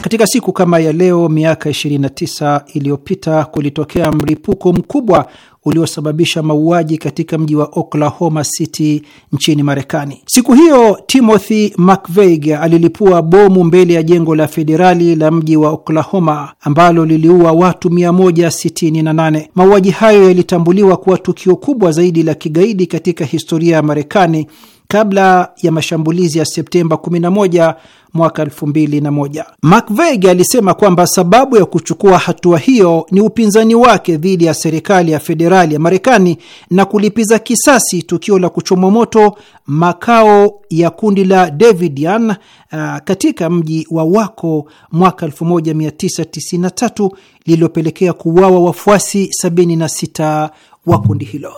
Katika siku kama ya leo miaka 29 iliyopita kulitokea mlipuko mkubwa uliosababisha mauaji katika mji wa Oklahoma City nchini Marekani. Siku hiyo Timothy McVeigh alilipua bomu mbele ya jengo la federali la mji wa Oklahoma ambalo liliua watu 168. Mauaji hayo yalitambuliwa kuwa tukio kubwa zaidi la kigaidi katika historia ya Marekani kabla ya mashambulizi ya Septemba 11 mwaka moja. McVeigh alisema kwamba sababu ya kuchukua hatua hiyo ni upinzani wake dhidi ya serikali ya federali ya Marekani na kulipiza kisasi tukio la kuchomwa moto makao ya kundi la Davidian uh, katika mji wa Wako mwaka 1993 lililopelekea kuuawa wafuasi 76 wa kundi hilo.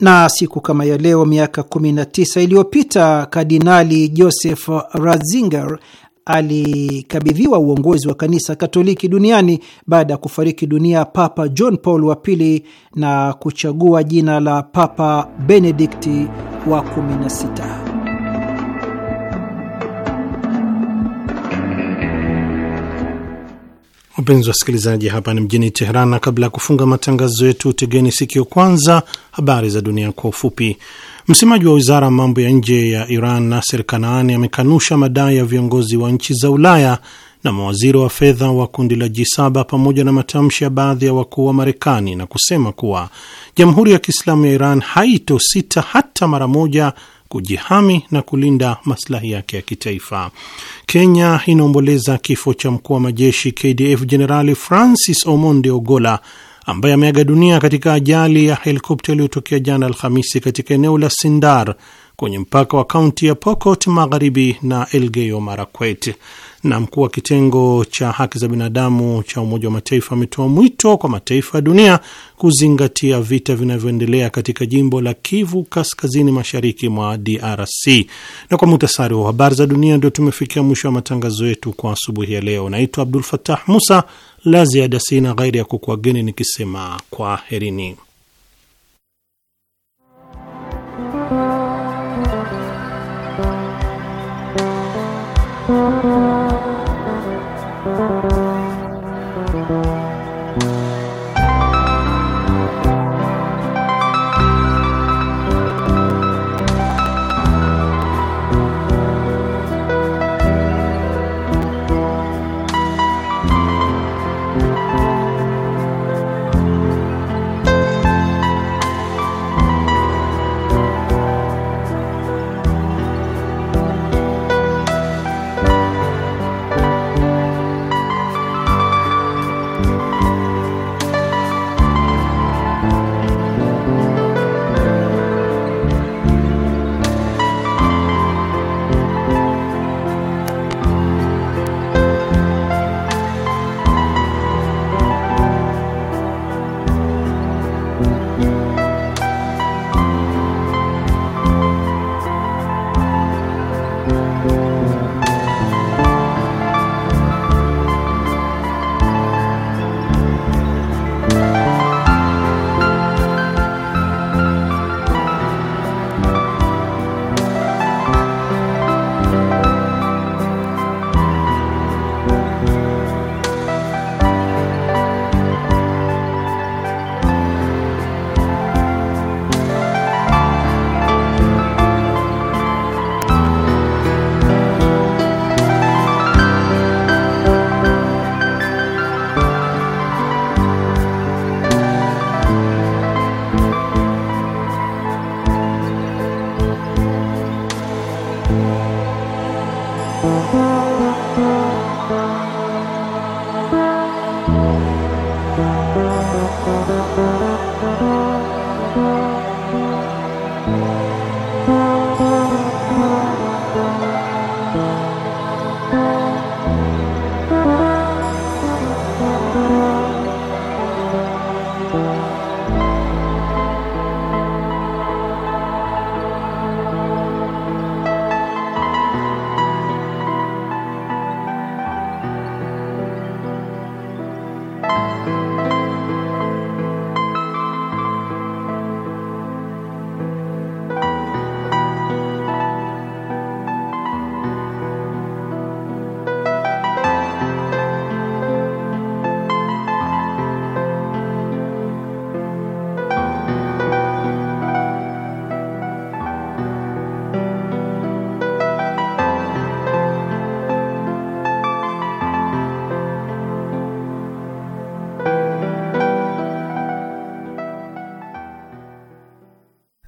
Na siku kama ya leo miaka 19 iliyopita Kardinali Joseph Ratzinger alikabidhiwa uongozi wa kanisa Katoliki duniani baada ya kufariki dunia Papa John Paul wa pili na kuchagua jina la Papa Benedikti wa 16. Mpenzi wasikilizaji, hapa ni mjini Teheran, na kabla ya kufunga matangazo yetu, tegeni sikio kwanza habari za dunia kwa ufupi. Msemaji wa wizara ya mambo ya nje ya Iran Naser Kanaani amekanusha madai ya viongozi wa nchi za Ulaya na mawaziri wa fedha wa kundi la G7 pamoja na matamshi ya baadhi ya wakuu wa Marekani na kusema kuwa Jamhuri ya Kiislamu ya Iran haitosita hata mara moja kujihami na kulinda maslahi yake ya kitaifa. Kenya inaomboleza kifo cha mkuu wa majeshi KDF Jenerali Francis Omonde Ogola ambaye ameaga dunia katika ajali ya helikopta iliyotokea jana Alhamisi katika eneo la Sindar kwenye mpaka wa kaunti ya Pokot Magharibi na Elgeyo Marakwet na mkuu wa kitengo cha haki za binadamu cha Umoja wa Mataifa ametoa mwito kwa mataifa ya dunia kuzingatia vita vinavyoendelea katika jimbo la Kivu kaskazini mashariki mwa DRC. Na kwa muhtasari wa habari za dunia, ndio tumefikia mwisho wa matangazo yetu kwa asubuhi ya leo. Naitwa Abdul fatah Musa. La ziada sina ghairi ya kukuageni nikisema kwa herini